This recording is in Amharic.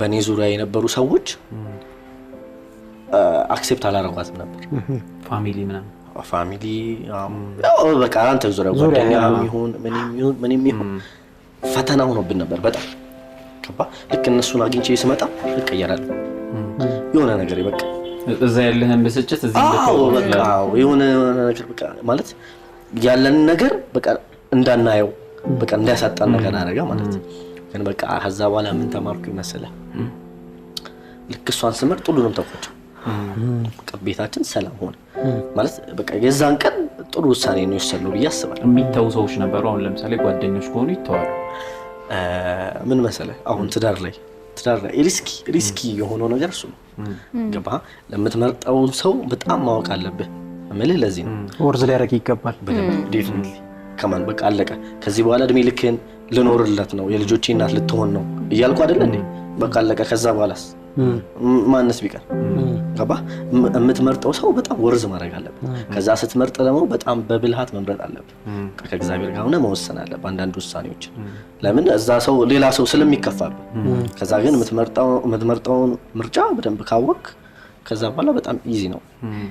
በእኔ ዙሪያ የነበሩ ሰዎች አክሴፕት አላረጓትም ነበር። ፋሚሊ ምናምን ፋሚሊ በቃ አንተ ዙሪያ ጓደኛ ይሁን ምንም ይሁን ፈተና ሆኖብን ነበር በጣም ከባ ልክ እነሱን አግኝቼ ስመጣ እቀየራለሁ የሆነ ነገር በቃ እዛ ያለህን ብስጭት የሆነ ነገር በቃ ማለት ያለን ነገር በቃ እንዳናየው በቃ እንዳያሳጣን ነገር አረጋ ማለት ነው። ግን በቃ ከዛ በኋላ ምን ተማርኩ ይመስለ ልክ እሷን ስምር ጥሉንም ተቆጨ። ቤታችን ሰላም ሆነ ማለት በቃ የዛን ቀን ጥሩ ውሳኔ ነው የወሰነው ብዬ አስባለሁ። የሚተው ሰዎች ነበሩ። አሁን ለምሳሌ ጓደኞች ከሆኑ ይተዋሉ። ምን መሰለ አሁን ትዳር ላይ ትዳር ላይ ሪስኪ ሪስኪ የሆነው ነገር እሱ ነው። ገባ ለምትመርጠውን ሰው በጣም ማወቅ አለብህ። ምልህ ለዚህ ነው ወርዝ ሊያደረግ ይገባል። ከማን በቃ አለቀ። ከዚህ በኋላ እድሜ ልክህን ልኖርለት ነው የልጆች እናት ልትሆን ነው እያልኩ አደለ እንዴ? በቃ አለቀ። ከዛ በኋላስ ማንስ ቢቀር ገባ። የምትመርጠው ሰው በጣም ወርዝ ማድረግ አለብን። ከዛ ስትመርጥ ደግሞ በጣም በብልሃት መምረጥ አለብን። ከእግዚአብሔር ጋር ሆነ መወሰን አለብን አንዳንድ ውሳኔዎች። ለምን እዛ ሰው ሌላ ሰው ስለሚከፋብን። ከዛ ግን የምትመርጠውን ምርጫ በደንብ ካወቅ ከዛ በኋላ በጣም ኢዚ ነው።